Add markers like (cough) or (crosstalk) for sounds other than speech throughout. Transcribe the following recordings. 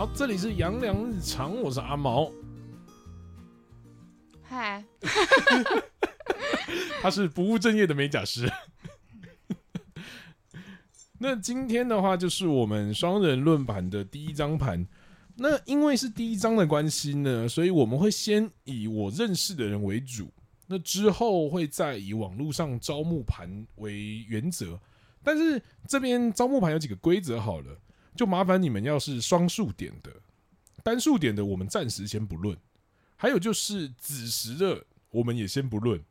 好，這裡是陽光日常，我是阿毛。嗨 (laughs) (laughs) 他是不務正業的美甲師。 (laughs) 那今天的話就是我們雙人論盤的第一張盤。那因為是第一張的關係呢，所以我們會先以我認識的人為主，那之後會再以網絡上招募盤為原則。但是這邊招募盤有幾個規則，好了。就麻煩你們，要是雙數點的，單數點的我們暫時先不論；還有就是子時的，我們也先不論；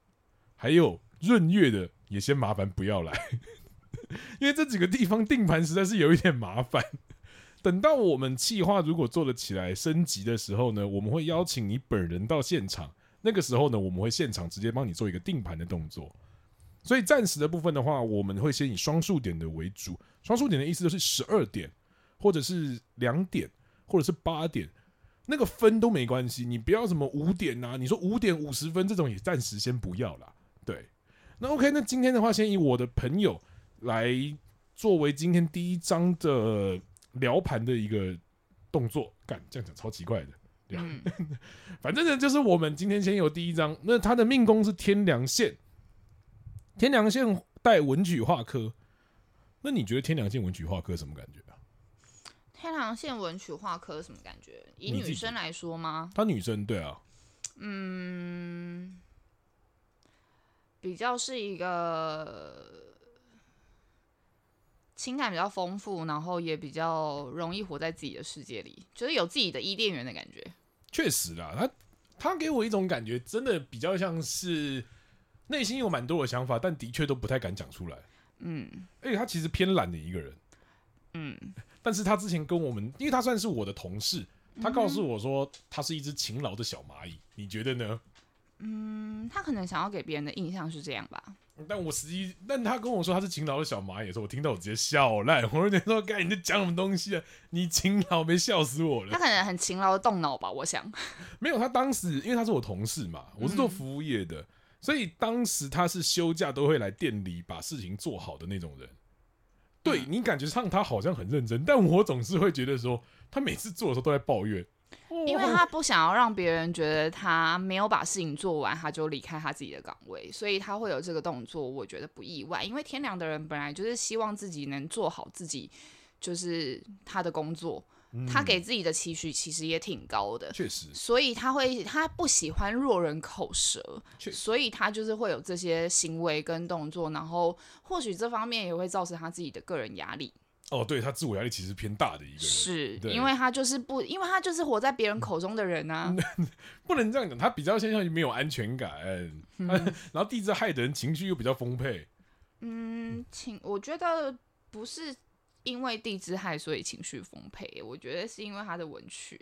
還有閏月的，也先麻煩不要來，因為這幾個地方定盤實在是有一點麻煩。等到我們計劃如果做得起來升級的時候呢，我們會邀請你本人到現場，那個時候呢，我們會現場直接幫你做一個定盤的動作。所以暫時的部分的話，我們會先以雙數點的為主，雙數點的意思就是十二點。或者是兩點，或者是八點，那個分都沒關係。你不要什麼五點啊，你說五點五十分這種也暫時先不要啦，對，那 OK，那今天的話，先以我的朋友來作為今天第一張的聊盤的一個動作。幹，這樣講超奇怪的，對吧、啊？ (laughs) 反正呢，就是我們今天先有第一張。那他的命宮是天梁線，天梁線帶文曲化科。那你覺得天梁線文曲化科什麼感覺？天堂線文曲化科什麼感覺？以女生來說嗎？她女生對啊。嗯，比較是一個情感比較豐富，然後也比較容易活在自己的世界裡，覺得有自己的伊甸園的感覺。確實啦，他他給我一種感覺，真的比較像是內心有蠻多的想法，但的確都不太敢講出來。嗯，而且他其實偏懶的一個人。嗯。但是他之前跟我們，因為他算是我的同事，他告訴我說，他是一只勤勞的小螞蟻。嗯，你覺得呢？嗯，他可能想要給別人的印象是這樣吧。但我實際，但他跟我說他是勤勞的小螞蟻的時候，我聽到我直接笑爛，我有點說：“該，你在講什麼東西啊？你勤勞，沒笑死我了。”他可能很勤勞的動腦吧，我想。 (laughs) 沒有，他當時因為他是我同事嘛，我是做服務業的，嗯，所以當時他是休假都會來店裡把事情做好的那種人。對，你感覺上，他好像很認真，但我總是會覺得說他每次做的時候都在抱怨，因為他不想要讓別人覺得他沒有把事情做完，他就離開他自己的崗位，所以他會有這個動作。我覺得不意外，因為天良的人本來就是希望自己能做好自己，就是他的工作。嗯、他給自己的期許其實也挺高的，確實，所以他會，他不喜歡落人口舌，所以他就是會有這些行為跟動作，然後或許這方面也會造成他自己的個人壓力。哦，對，他自我壓力其實偏大的一個人。是對，因為他就是不，因為他就是活在別人口中的人啊，嗯、不能這樣講，他比較傾向於沒有安全感，嗯、他然後地支害的人情緒又比較豐沛。嗯，情我覺得不是。因為地支亥，所以情緒豐沛。我覺得是因為他的文曲，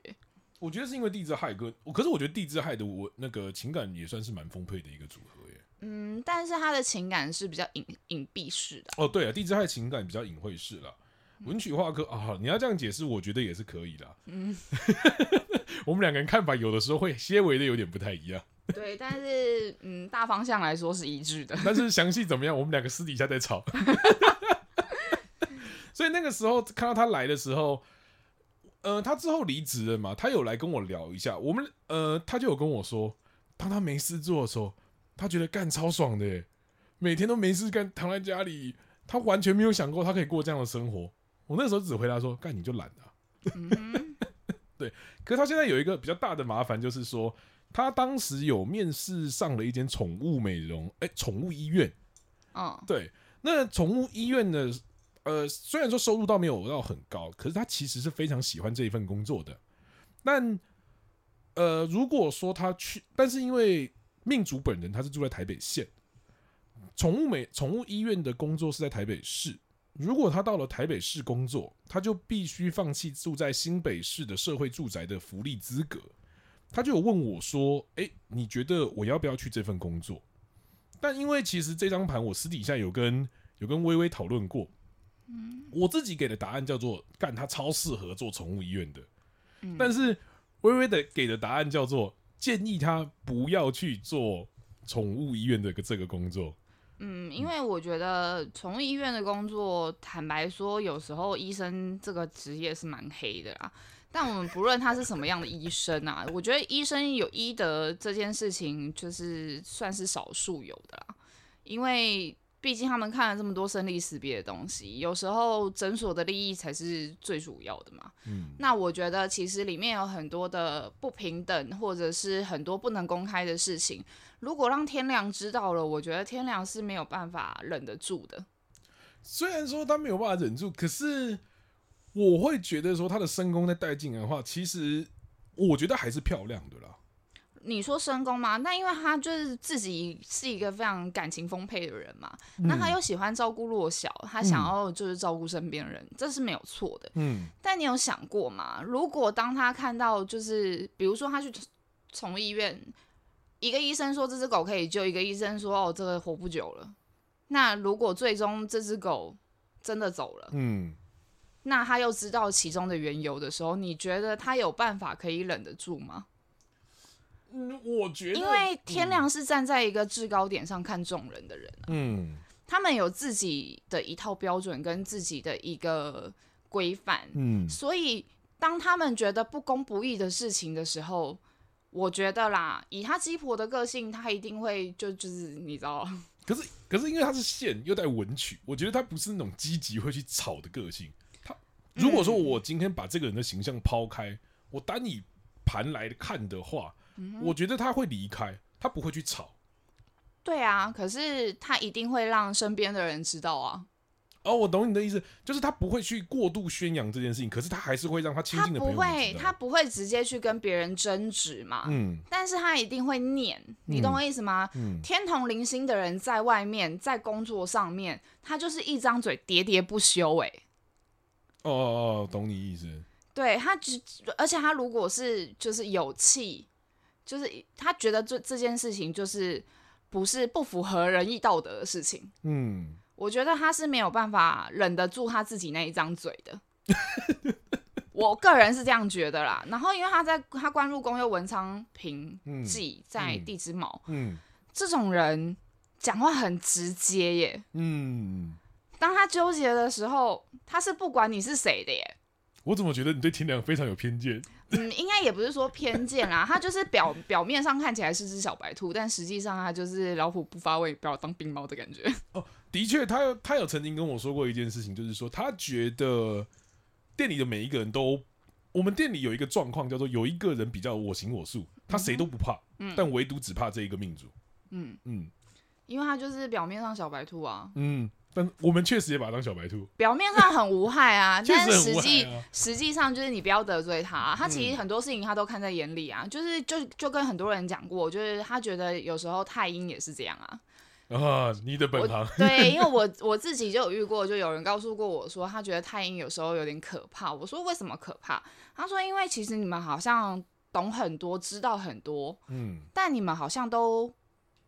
我覺得是因為地支亥哥。可是我覺得地支亥的我那個情感也算是蠻豐沛的一個組合耶。嗯，但是他的情感是比較隱隱蔽式的。哦，對啊，地支亥情感比較隱晦式了，嗯。文曲化科啊，你要這樣解釋，我覺得也是可以的。嗯， (laughs) 我們兩個人看法有的時候會些微的有點不太一樣。對，但是嗯，大方向來說是一致的。 (laughs) 但是詳細怎麼樣，我們兩個私底下再吵。 (laughs) 所以那個時候看到他來的時候，呃，他之後離職了嘛，他有來跟我聊一下。我們呃，他就有跟我說，當他沒事做的時候，他覺得幹超爽的耶，每天都沒事幹，躺在家裡，他完全沒有想過他可以過這樣的生活。我那個時候只回答說，幹你就懶啊。Mm -hmm. (laughs) 對，可是他現在有一個比較大的麻煩，就是說他當時有面試上了一間寵物美容，哎、欸，寵物醫院。哦、oh.，對，那寵物醫院的。呃，雖然說收入倒沒有到很高，可是他其實是非常喜歡這一份工作的。但呃，如果說他去，但是因為命主本人他是住在台北縣，寵物美寵物醫院的工作是在台北市。如果他到了台北市工作，他就必須放棄住在新北市的社會住宅的福利資格。他就有問我說：“哎、欸，你覺得我要不要去這份工作？”但因為其實這張盤，我私底下有跟有跟薇薇討論過。我自己給的答案叫做“幹”，他超適合做寵物醫院的，嗯。但是微微的給的答案叫做建議他不要去做寵物醫院的這個工作。嗯，因為我覺得寵物醫院的工作，嗯，坦白說，有時候醫生這個職業是蠻黑的啦。但我們不論他是什麼樣的醫生啊， (laughs) 我覺得醫生有醫德這件事情，就是算是少數有的啦。因為畢竟他們看了這麼多生離死別的東西，有時候診所的利益才是最主要的嘛。嗯。那我覺得其實裡面有很多的不平等，或者是很多不能公開的事情，如果讓天亮知道了，我覺得天亮是沒有辦法忍得住的。雖然說他沒有辦法忍住，可是我會覺得說他的身功在帶進來的話，其實我覺得還是漂亮的啦。你說深工嘛？那因為他就是自己是一個非常感情豐沛的人嘛、嗯，那他又喜歡照顧弱小，他想要就是照顧身邊人、嗯，這是沒有錯的。嗯。但你有想過嗎？如果當他看到就是比如說他去寵物醫院，一個醫生說這隻狗可以救，一個醫生說哦這個活不久了。那如果最終這隻狗真的走了，嗯，那他又知道其中的緣由的時候，你覺得他有辦法可以忍得住嗎？嗯、我覺得，因為天亮是站在一個制高點上看眾人的人，啊，嗯，他們有自己的一套標準跟自己的一個規範，嗯，所以當他們覺得不公不義的事情的時候，我覺得啦，以他雞婆的個性，他一定會就就是你知道，可是可是因為他是線又帶文曲，我覺得他不是那種積極會去吵的個性。他如果說我今天把這個人的形象拋開，嗯，我單以盤來看的話。嗯、我覺得他會離開，他不會去吵。對啊，可是他一定會讓身邊的人知道啊。哦、oh，我懂你的意思，就是他不會去過度宣揚這件事情，可是他還是會讓他親近的朋友。他不會，他不會直接去跟別人爭執嘛。嗯。但是他一定會念，你懂我意思嗎？嗯、天同靈星的人在外面在工作上面，他就是一張嘴喋喋不休、欸。哎。哦哦哦，懂你意思。對，他只，而且他如果是就是有氣。就是他覺得這這件事情就是不是不符合仁義道德的事情，嗯，我覺得他是沒有辦法忍得住他自己那一張嘴的， (laughs) 我個人是這樣覺得啦。然後因為他在他官祿宮又文昌平忌在地支卯、嗯嗯，嗯，這種人講話很直接耶，嗯，當他糾結的時候，他是不管你是誰的耶。我怎麼覺得你對天梁非常有偏見？嗯，應該也不是說偏見啦，啊，他就是表表面上看起來是只小白兔，但實際上他就是老虎不發威，把我當病貓的感覺。哦，的確，他他有曾經跟我說過一件事情，就是說他覺得店裡的每一個人都，我們店裡有一個狀況叫做有一個人比較我行我素，他誰都不怕，嗯嗯、但唯獨只怕這一個命主。嗯嗯，因為他就是表面上小白兔啊。嗯。但我們確實也把他當小白兔，表面上很無害啊， (laughs) 實但是實際實際、啊、上就是你不要得罪他，啊，他其實很多事情他都看在眼裡啊，嗯、就是就就跟很多人講過，就是他覺得有時候太陰也是這樣啊。啊，你的本行對，因為我我自己就有遇過，就有人告訴過我說，他覺得太陰有時候有點可怕。我說為什麼可怕？他說因為其實你們好像懂很多，知道很多，嗯，但你們好像都。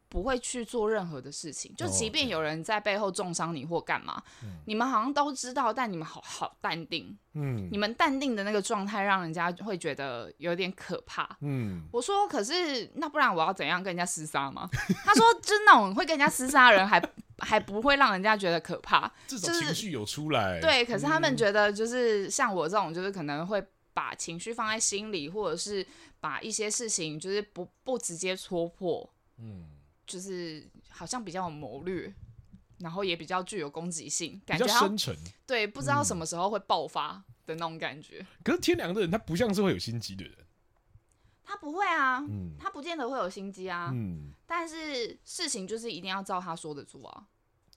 不會去做任何的事情，就即便有人在背後中傷你或幹嘛、哦嗯，你們好像都知道，但你們好好淡定，嗯，你們淡定的那個狀態讓人家會覺得有點可怕，嗯。我說可是那不然我要怎樣跟人家廝殺嗎？ (laughs) 他說，就是那種會跟人家廝殺的人還 (laughs) 還不會讓人家覺得可怕，這種情緒有出來、就是，對。可是他們覺得就是像我這種就是可能會把情緒放在心裡、嗯，或者是把一些事情就是不不直接戳破，嗯。就是好像比較有謀略，然後也比較具有攻擊性，感覺比較深沉。對，不知道什麼時候會爆發的那種感覺。嗯、可是天良的人，他不像是會有心機的人，他不會啊，嗯、他不見得會有心機啊、嗯。但是事情就是一定要照他說的做啊。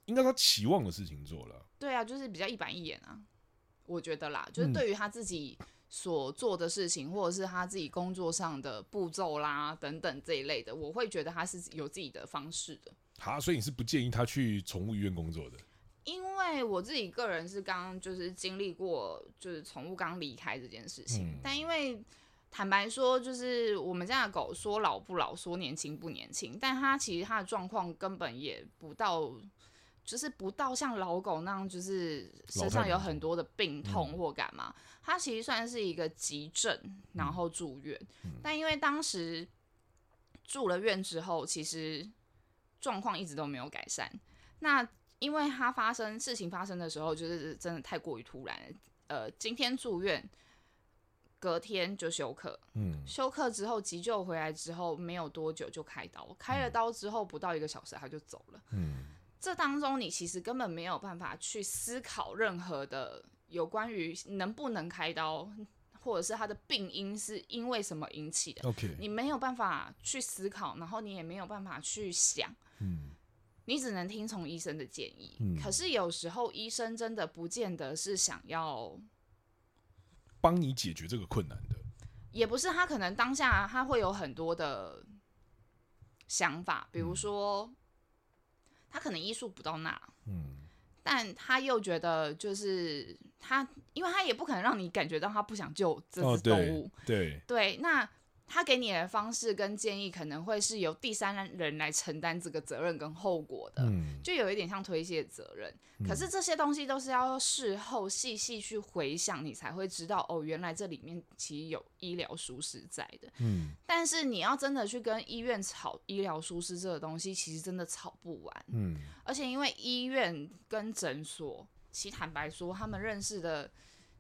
應該他期望的事情做了，對啊，就是比較一板一眼啊，我覺得啦，就是對於他自己。嗯所做的事情，或者是他自己工作上的步驟啦，等等這一類的，我會覺得他是有自己的方式的。好，所以你是不建議他去寵物醫院工作的？因為我自己個人是剛就是經歷過就是寵物剛離開這件事情、嗯，但因為坦白說，就是我們家的狗說老不老，說年輕不年輕，但它其實它的狀況根本也不到。就是不到像老狗那樣，就是身上有很多的病痛或幹嘛，他其實算是一個急症，然後住院。但因為當時住了院之後，其實狀況一直都沒有改善。那因為他發生事情發生的時候，就是真的太過於突然了。呃，今天住院，隔天就休克。嗯，休克之後急救回來之後，沒有多久就開刀，開了刀之後不到一個小時他就走了。嗯。這當中，你其實根本沒有辦法去思考任何的有關於能不能開刀，或者是他的病因是因為什麼引起的。OK，你沒有辦法去思考，然後你也沒有辦法去想，嗯，你只能聽從醫生的建議，嗯。可是有時候醫生真的不見得是想要幫你解決這個困難的，也不是他可能當下他會有很多的想法，嗯，比如說。他可能醫術不到那，嗯，但他又覺得，就是他，因為他也不可能讓你感覺到他不想救這隻動物，哦，對對，對，那。他給你的方式跟建議，可能會是由第三人來承擔這個責任跟後果的，嗯、就有一點像推卸責任。可是這些東西都是要事後細細去回想，嗯，你才會知道哦，原來這裡面其實有醫療疏失在的，嗯。但是你要真的去跟醫院吵醫療疏失這個東西，其實真的吵不完，嗯。而且因為醫院跟診所，其實坦白說，他們認識的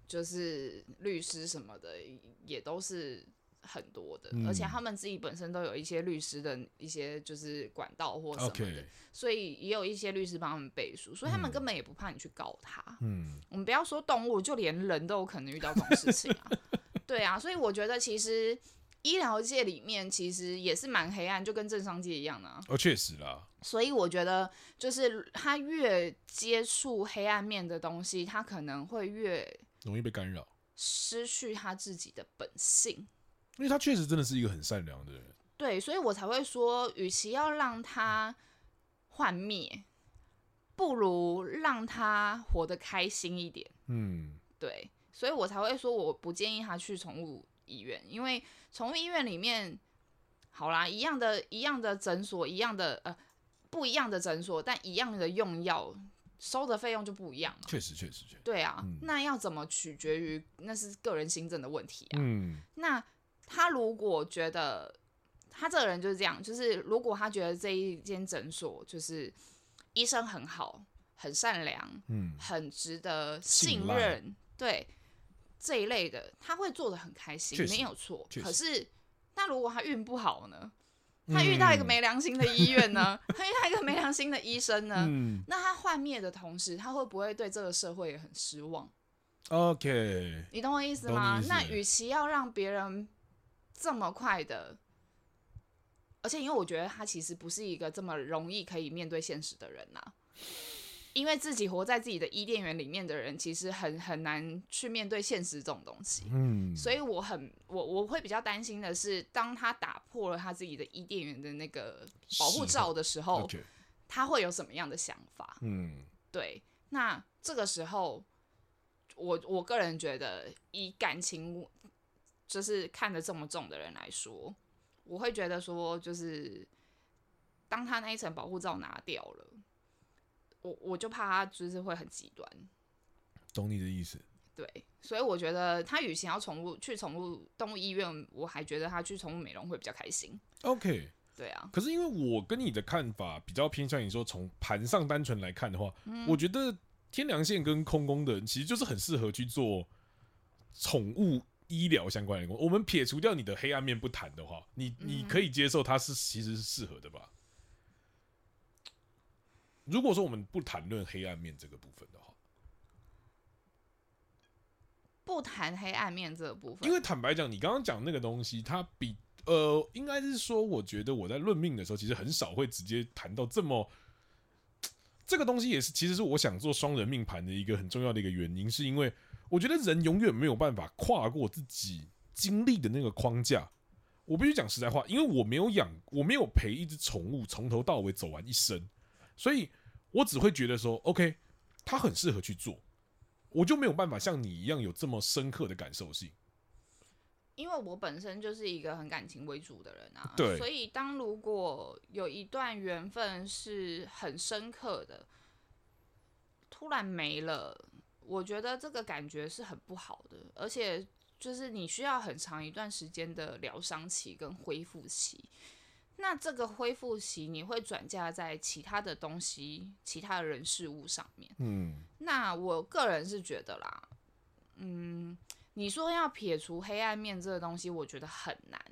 就是律師什麼的，也都是。很多的，而且他們自己本身都有一些律師的一些就是管道或什麼的，okay. 所以也有一些律師幫他們背書，所以他們根本也不怕你去告他。嗯，我們不要說動物，就連人都有可能遇到這種事情啊。 (laughs) 對啊，所以我覺得其實醫療界裡面其實也是蠻黑暗，就跟政商界一樣啊。哦，確實啦。所以我覺得就是他越接觸黑暗面的東西，他可能會越容易被干擾，失去他自己的本性。因為他確實真的是一個很善良的人，對，所以我才會說，與其要讓他幻滅，不如讓他活得開心一點。嗯，對，所以我才會說，我不建議他去寵物醫院，因為寵物醫院裡面，好啦，一樣的，一樣的診所，一樣的呃，不一樣的診所，但一樣的用藥，收的費用就不一樣。確實，確實,實，對啊、嗯。那要怎麼取決於那是個人心政的問題啊。嗯，那。他如果覺得他這個人就是這樣，就是如果他覺得這一間診所就是醫生很好、很善良、嗯、很值得信任，信賴。對這一類的，他會做的很開心，沒有錯。可是，那如果他運不好呢？他遇到一個沒良心的醫院呢？嗯、他遇到一個沒良心的醫生呢？嗯、那他幻滅的同時，他會不會對這個社會也很失望？嗯、OK，你懂我意思嗎？思那與其要讓別人。這麼快的，而且因為我覺得他其實不是一個這麼容易可以面對現實的人吶、啊。因為自己活在自己的伊甸園裡面的人，其實很很難去面對現實這種東西。嗯，所以我很我我會比較擔心的是，當他打破了他自己的伊甸園的那個保護罩的時候，Okay. 他會有什麼樣的想法？嗯，對。那這個時候，我我個人覺得以感情。就是看得這麼重的人來說，我會覺得說，就是當他那一層保護罩拿掉了，我我就怕他就是會很極端。懂你的意思。對，所以我覺得他與其要寵物去寵物動物醫院，我還覺得他去寵物美容會比較開心。OK。對啊。可是因為我跟你的看法比較偏向，你說從盤上單純來看的話，嗯，我覺得天良線跟空宮的人其實就是很適合去做寵物醫療相關的，我們撇除掉你的黑暗面不談的話，你你可以接受它是其實是適合的吧？嗯。如果說我們不談論黑暗面這個部分的話，不談黑暗面這個部分，因為坦白講，你剛剛講那個東西，它比呃，應該是說，我覺得我在論命的時候，其實很少會直接談到這麼。這個東西也是，其實是我想做雙人命盤的一個很重要的一個原因，是因為我覺得人永遠沒有辦法跨過自己經歷的那個框架。我必須講實在話，因為我沒有養，我沒有陪一隻寵物從頭到尾走完一生，所以我只會覺得說，OK，它很適合去做，我就沒有辦法像你一樣有這麼深刻的感受性。因為我本身就是一個很感情為主的人啊，所以當如果有一段緣分是很深刻的，突然沒了，我覺得這個感覺是很不好的，而且就是你需要很長一段時間的療傷期跟恢復期。那這個恢復期，你會轉嫁在其他的東西、其他的人事物上面。嗯，那我個人是覺得啦，嗯。你說要撇除黑暗面這個東西，我覺得很難。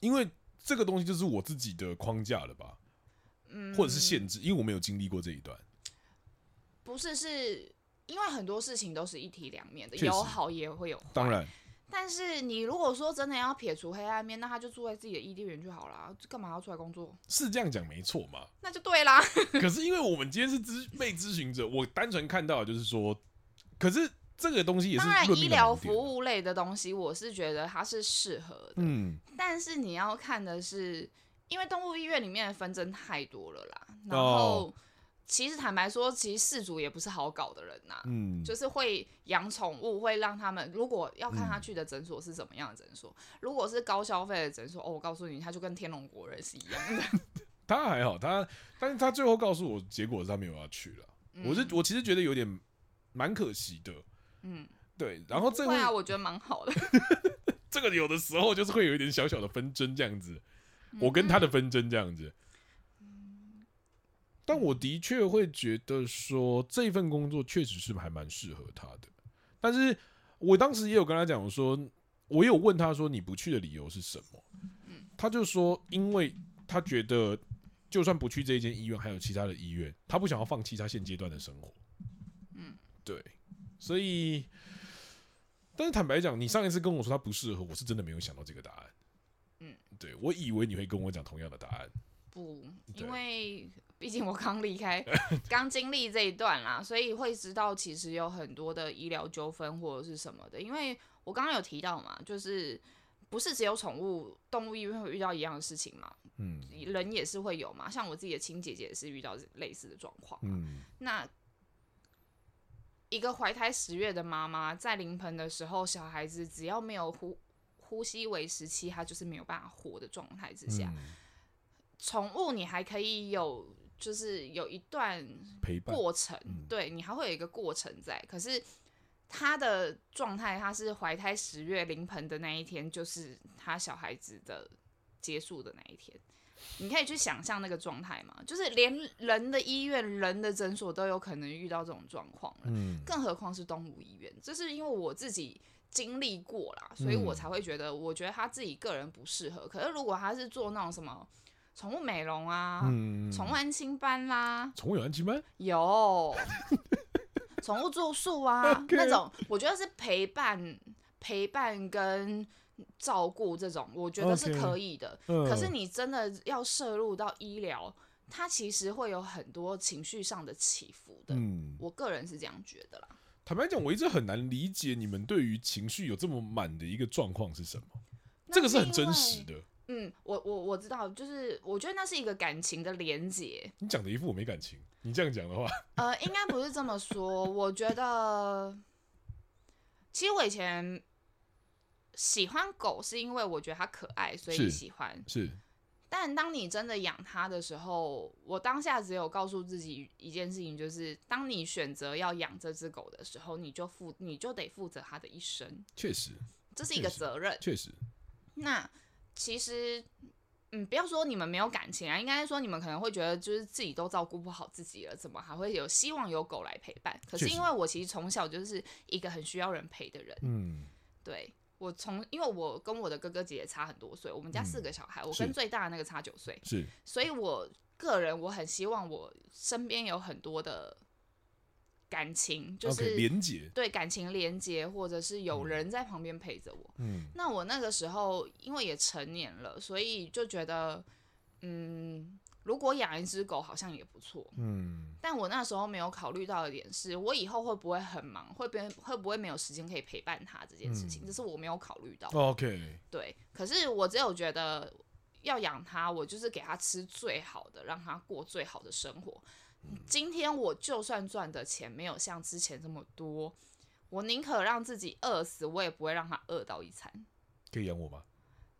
因為這個東西就是我自己的框架了吧，嗯、或者是限制，因為我沒有經歷過這一段。不是，是，是因為很多事情都是一體兩面的，有好也會有壞。當然，但是你如果說真的要撇除黑暗面，那他就住在自己的伊甸園就好了，幹嘛要出來工作？是這樣講沒錯嘛？那就對啦。 (laughs) 可是因為我們今天是諮被諮詢者，我單純看到就是說，可是。這個東西也是當然醫療服務類的東西，我是覺得它是適合的，嗯。但是你要看的是，因為動物醫院裡面的紛爭太多了啦。哦、然後，其實坦白說，其實事主也不是好搞的人吶，嗯。就是會養寵物，會讓他們，如果要看他去的診所是什麼樣的診所，嗯，如果是高消費的診所，哦，我告訴你，他就跟天龍國人是一樣的。 (laughs) 他還好，他，但是他最後告訴我，結果是他沒有要去了。我是，嗯、我其實覺得有點蠻可惜的。嗯，對，然後這個、啊，我覺得蠻好的。 (laughs) 這個有的時候就是會有一點小小的紛爭這樣子，我跟他的紛爭這樣子。嗯嗯，但我的確會覺得說，這份工作確實是還蠻適合他的。但是我當時也有跟他講，我說我有問他說你不去的理由是什麼？他就說，因為他覺得就算不去這一間醫院，還有其他的醫院，他不想要放棄他現階段的生活。嗯，對。所以，但是坦白講，你上一次跟我說他不適合，我是真的沒有想到這個答案。嗯，對我以為你會跟我講同樣的答案。不，因為畢竟我剛離開，剛 (laughs) 經歷這一段啦，所以會知道其實有很多的醫療糾紛或者是什麼的。因為我剛剛有提到嘛，就是不是只有寵物、動物醫院會遇到一樣的事情嘛？嗯，人也是會有嘛。像我自己的親姐姐也是遇到類似的狀況。嗯，那。一個懷胎十月的媽媽在臨盆的時候，小孩子只要沒有呼呼吸維持期，他就是沒有辦法活的狀態之下。嗯、寵物你還可以有，就是有一段陪伴過程，對你還會有一個過程在。嗯、可是他的狀態，他是懷胎十月臨盆的那一天，就是他小孩子的結束的那一天。你可以去想象那個狀態嘛，就是連人的醫院、人的診所都有可能遇到這種狀況了，嗯，更何況是動物醫院。就是因為我自己經歷過了，所以我才會覺得，我覺得他自己個人不適合、嗯。可是如果他是做那種什麼寵物美容啊，寵、嗯、物安心班啦、啊，寵物有安班心有，寵 (laughs) 物住宿啊，okay. 那種我覺得是陪伴，陪伴跟。照顧這種，我覺得是可以的。Okay, uh, 可是你真的要涉入到醫療，它其實會有很多情緒上的起伏的、嗯。我個人是這樣覺得啦。坦白講，我一直很難理解你們對於情緒有這麼滿的一個狀況是什麼？這個是很真實的。嗯，我我我知道，就是我覺得那是一個感情的連接。你講的一副我沒感情，你這樣講的話，呃，應該不是這麼說。 (laughs) 我覺得，其實我以前。喜歡狗是因為我覺得它可愛，所以喜歡。是。是。但當你真的養它的時候，我當下只有告訴自己一件事情，就是當你選擇要養這只狗的時候，你就負你就得負責它的一生。確實，這是一個責任。確實。確實。那其實，嗯，不要說你們沒有感情啊，應該說你們可能會覺得，就是自己都照顧不好自己了，怎麼還會有希望有狗來陪伴？可是因為我其實從小就是一個很需要人陪的人。嗯，對。我從，因為我跟我的哥哥姐姐差很多歲，我們家四個小孩，嗯，我跟最大的那個差九歲，是，所以我個人我很希望我身邊有很多的感情，就是 okay, 對感情連接，或者是有人在旁邊陪着我，嗯。那我那個時候因為也成年了，所以就覺得，嗯。如果養一隻狗好像也不錯，嗯，但我那時候沒有考慮到一點是，我以後會不會很忙，會不會會不會沒有時間可以陪伴它這件事情，嗯，這是我沒有考慮到。OK，對，可是我只有覺得要養它，我就是給它吃最好的，讓它過最好的生活。嗯，今天我就算賺的錢沒有像之前這麼多，我寧可讓自己餓死，我也不會讓它餓到一餐。可以養我嗎？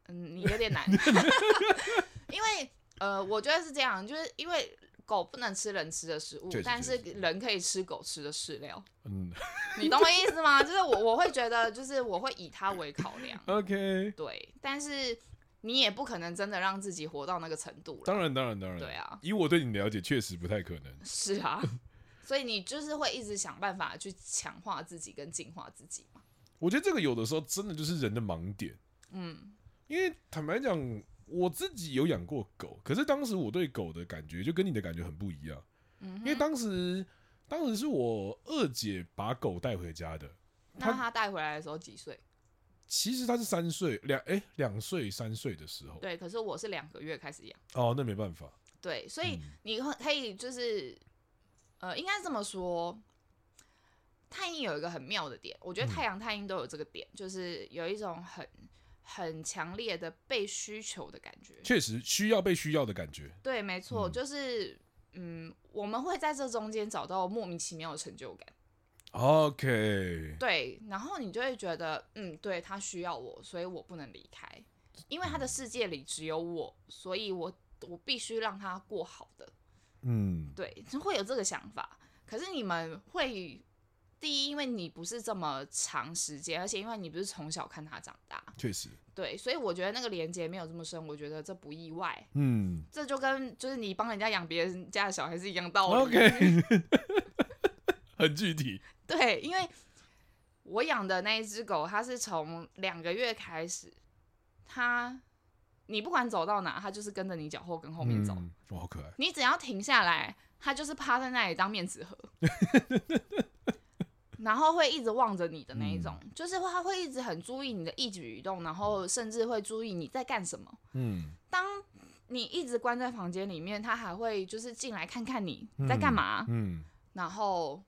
嗯，你有點難， (laughs) (laughs) (laughs) 因為。呃，我覺得是這樣，就是因為狗不能吃人吃的食物，但是人可以吃狗吃的飼料。嗯，你懂我意思嗎？ (laughs) 就是我我會覺得，就是我會以它為考量。OK，對，但是你也不可能真的讓自己活到那個程度。當然，當然，當然，對啊。以我對你的了解，確實不太可能。是啊， (laughs) 所以你就是會一直想辦法去強化自己跟進化自己嘛？我覺得這個有的時候真的就是人的盲點。嗯，因為坦白講。我自己有養過狗，可是當時我對狗的感覺就跟你的感覺很不一樣，嗯、因為當時當時是我二姐把狗帶回家的。那他帶回來的時候幾歲？其實他是三歲兩，誒，兩歲、欸、三歲的時候。對，可是我是兩個月開始養。哦，那沒辦法。對，所以你可以就是、嗯、呃，應該這麼說，太陰有一個很妙的點，我覺得太陽太陰都有這個點、嗯，就是有一種很。很強烈的被需求的感覺，確實需要被需要的感覺。對，沒錯，就是嗯，嗯，我們會在這中間找到莫名其妙的成就感。OK。對，然後你就會覺得，嗯，對，他需要我，所以我不能離開，因為他的世界裡只有我，所以我我必須讓他過好的。嗯，對，就會有這個想法。可是你們會第一，因為你不是這麼長時間，而且因為你不是從小看他長大，確實，對，所以我覺得那個連接沒有這麼深，我覺得這不意外，嗯，這就跟就是你幫人家養別人家的小孩是一樣道理，OK， (laughs) 很具體，對，因為我養的那一只狗，它是從兩個月開始，它，你不管走到哪，它就是跟着你腳後跟後面走，我、嗯、好可愛，你只要停下來，它就是趴在那裡當面紙盒。 (laughs) 然後會一直望着你的那一種，嗯、就是它會一直很注意你的一舉一動，然後甚至會注意你在幹什麼。嗯、當你一直關在房間裡面，它還會就是進來看看你在幹嘛、嗯嗯。然後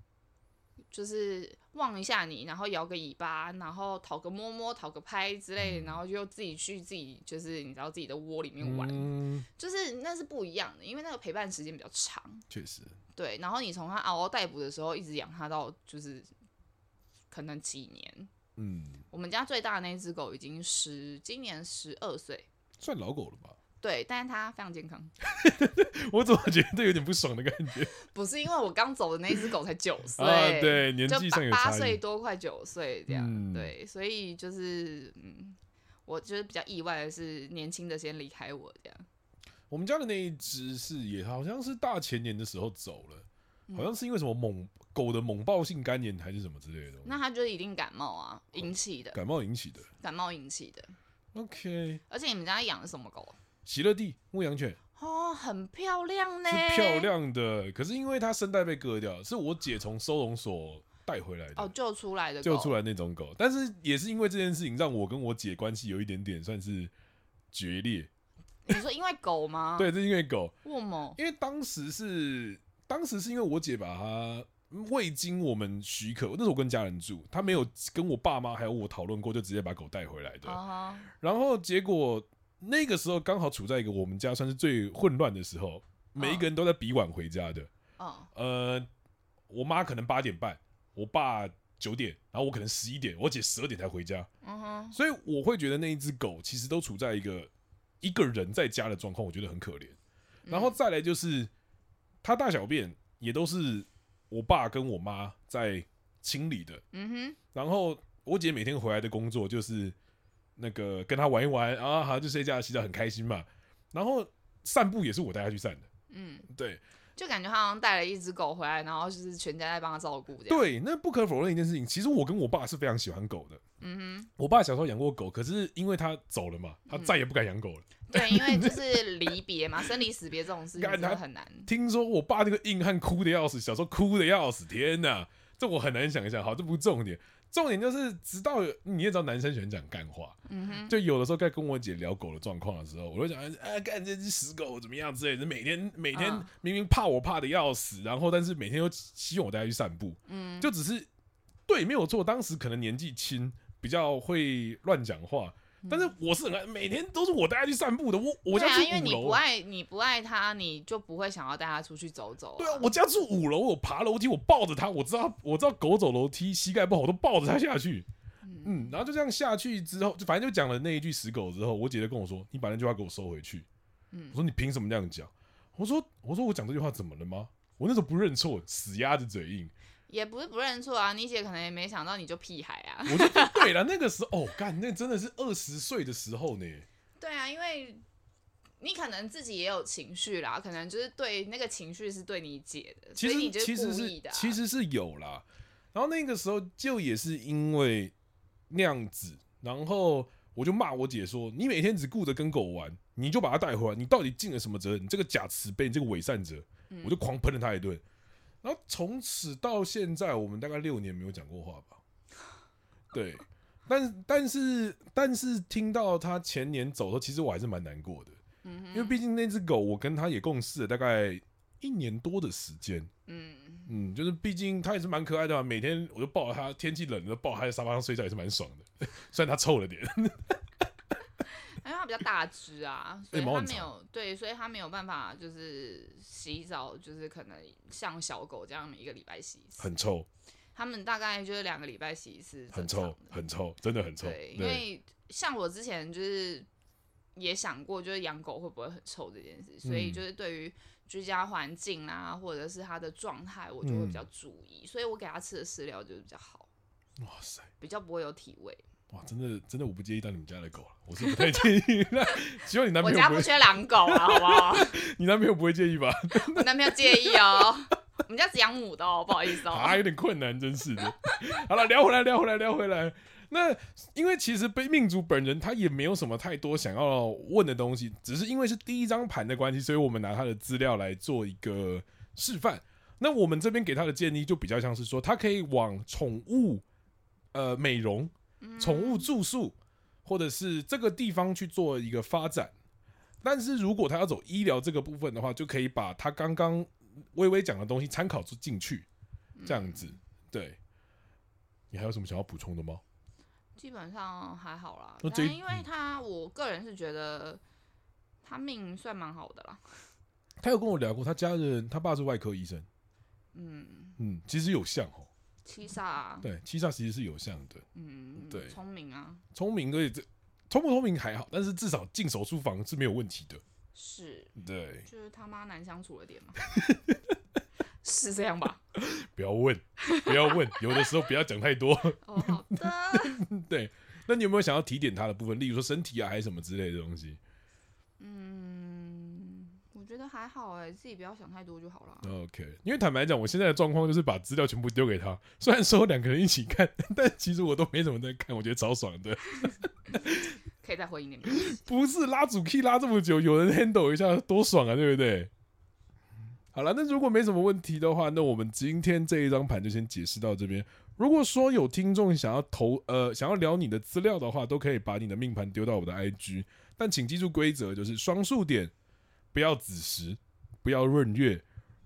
就是望一下你，然後搖個尾巴，然後討個摸摸，討個拍之類的，然後就自己去自己就是你知道自己的窩裡面玩、嗯，就是那是不一樣的，因為那個陪伴時間比較長。確實，對。然後你從它嗷嗷待哺的時候一直養它到就是。可能幾年，嗯，我們家最大的那隻狗已經十，今年十二歲，算老狗了吧？對，但是它非常健康。 (laughs) (laughs) (laughs) 我怎麼覺得有點不爽的感覺？不是，因為我剛走的那隻狗才九歲、啊，對，年紀上有八歲多，快九歲這樣、嗯，對，所以就是，嗯，我覺得比較意外的是年輕的先離開我這樣。我們家的那一隻是也好像是大前年的時候走了。好像是因為什麼猛狗的猛爆性肝炎還是什麼之類的，那它就得一定感冒啊引起的、哦，感冒引起的，感冒引起的。OK。而且你們家養的什麼狗、啊？喜樂蒂牧羊犬。哦，很漂亮呢、欸，是漂亮的。可是因為他聲帶被割掉，是我姐從收容所帶回來的，哦，救出來的，救出來那種狗。但是也是因為這件事情，讓我跟我姐關係有一點點算是決裂。你說因為狗嗎？ (laughs) 對，是因為狗。為什麼？因為當時是。當時是因為我姐把它未經我們許可，那時候我跟家人住，她沒有跟我爸媽還有我討論過，就直接把狗帶回來的。Uh -huh. 然後結果那個時候剛好處在一個我們家算是最混亂的時候，每一個人都在比晚回家的。哦、uh -huh.，uh -huh. 呃，我媽可能八點半，我爸九點，然後我可能十一點，我姐十二點才回家。Uh -huh. 所以我會覺得那一隻狗其實都處在一個一個人在家的狀況，我覺得很可憐。Uh -huh. 然後再來就是。他大小便也都是我爸跟我媽在清理的，嗯哼。然後我姐每天回來的工作就是那個跟他玩一玩啊，好就睡覺洗澡很開心嘛。然後散步也是我帶他去散的，嗯，對。就感覺他好像帶了一隻狗回來，然後就是全家在幫他照顧對，那不可否認一件事情，其實我跟我爸是非常喜歡狗的，嗯哼。我爸小時候養過狗，可是因為他走了嘛，他再也不敢養狗了。嗯 (laughs) 對，因為就是離別嘛， (laughs) 生離死別這種事情真的很難。聽說我爸那個硬漢哭的要死，小時候哭的要死。天哪，這我很難想一下。好，這不是重點，重點就是直到你也知道，男生喜歡講幹話。嗯哼，就有的時候在跟我姐聊狗的狀況的時候，我會講啊，幹這隻死狗怎麼樣之類的。每天每天、啊、明明怕我怕的要死，然後但是每天又希望我帶她去散步。嗯，就只是對，沒有錯。當時可能年紀輕，比較會亂講話。但是我是很愛，每天都是我帶它去散步的。我我家住五樓，因為你不愛你不愛它，你就不會想要帶它出去走走。對啊，我家住五樓，我爬樓梯，我抱着它，我知道我知道狗走樓梯膝蓋不好，我都抱着它下去嗯。嗯，然後就這樣下去之後，就反正就講了那一句死狗之後，我姐姐跟我說：“你把那句話給我收回去。嗯”我說：“你憑什麼這樣講？”我說：“我說我講這句話怎麼了嗎？我那時候不認錯，死鴨子嘴硬。”也不是不認錯啊，你姐可能也沒想到你就屁孩啊，我就不對了。 (laughs) 那個時候，哦，幹，那真的是二十歲的時候呢。對啊，因為你可能自己也有情緒啦，可能就是對那個情緒是對你姐的，所以你就是故意的、啊其是。其實是有啦。然後那個時候就也是因為那樣子，然後我就罵我姐說：“你每天只顧着跟狗玩，你就把它帶回來，你到底盡了什麼責任？你這個假慈悲，你這個偽善者，我就狂噴了他一頓。嗯”然後從此到現在，我們大概六年沒有講過話吧。對，但但是但是，但是聽到他前年走的時候，其實我還是蠻難過的。嗯，因為畢竟那隻狗，我跟他也共事了大概一年多的時間。嗯嗯，就是畢竟他也是蠻可愛的嘛，每天我就抱着他，天氣冷的抱他在沙發上睡覺，也是蠻爽的。雖然他臭了點。 (laughs) 因為它比較大只啊，所以它沒有、欸、毛很長、對，所以它沒有辦法就是洗澡，就是可能像小狗這樣，一個禮拜洗一次很臭。他們大概就是兩個禮拜洗一次，很臭，很臭，真的很臭。對，對因為像我之前就是也想過，就是養狗會不會很臭這件事，嗯、所以就是對於居家環境啊，或者是它的狀態，我就會比較注意。嗯、所以我給它吃的飼料就是比較好，哇塞，比較不會有體味。哇，真的真的，我不介意當你們家的狗，我是不太介意。只 (laughs) 有你男朋友。我家不缺狼狗啊， (laughs) 好不好？你男朋友不會介意吧？你 (laughs) 男朋友介意哦。 (laughs) 我們家只養母的哦，不好意思哦。啊，有點困難，真是的。 (laughs) 好了，聊回來，聊回來，聊回來。那因為其實被命主本人他也沒有什麼太多想要問的東西，只是因為是第一張盤的關係，所以我們拿他的資料來做一個示範。那我們這邊給他的建議就比較像是說，他可以往寵物，呃，美容。寵物住宿，或者是這個地方去做一個發展，但是如果他要走醫療這個部分的話，就可以把他剛剛微微講的東西參考進進去，嗯，這樣子。對，你還有什麼想要補充的嗎？基本上還好啦，對，因為他，我個人是覺得他命算蠻好的啦，嗯。他有跟我聊過，他家人，他爸是外科醫生。嗯嗯，其實有像吼，喔。七煞啊，對，七煞其實是有相的，嗯，對，聰明啊，聰明，對，這聰不聰明還好，但是至少進手術房是沒有問題的，是，對，就是他媽難相處了點嘛， (laughs) 是這樣吧？不要問，不要問， (laughs) 有的時候不要講太多。 (laughs) 哦，好的， (laughs) 對，那你有沒有想要提點他的部分，例如說身體啊，還是什麼之類的東西？那還好誒、欸，自己不要想太多就好了。OK，因為坦白講，我現在的狀況就是把資料全部丟給他。雖然說兩個人一起看，但其實我都沒怎麼在看，我覺得超爽的。 (laughs) (laughs) 可以再回應裡面。不是拉主 key 拉這麼久，有人 handle 一下多爽啊，對不對？好了，那如果沒什麼問題的話，那我們今天這一張盤就先解釋到這邊。如果說有聽眾想要投呃想要聊你的資料的話，都可以把你的命盤丟到我的 IG，但請記住規則，就是雙數點。不要子時，不要閏月。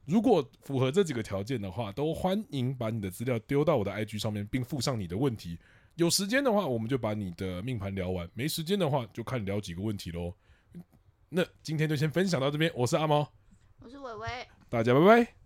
如果符合這幾個條件的話，都歡迎把你的資料丟到我的 IG 上面，並附上你的問題。有時間的話，我們就把你的命盤聊完；沒時間的話，就看你聊幾個問題嘍。那今天就先分享到這邊。我是阿毛，我是偉偉，大家拜拜。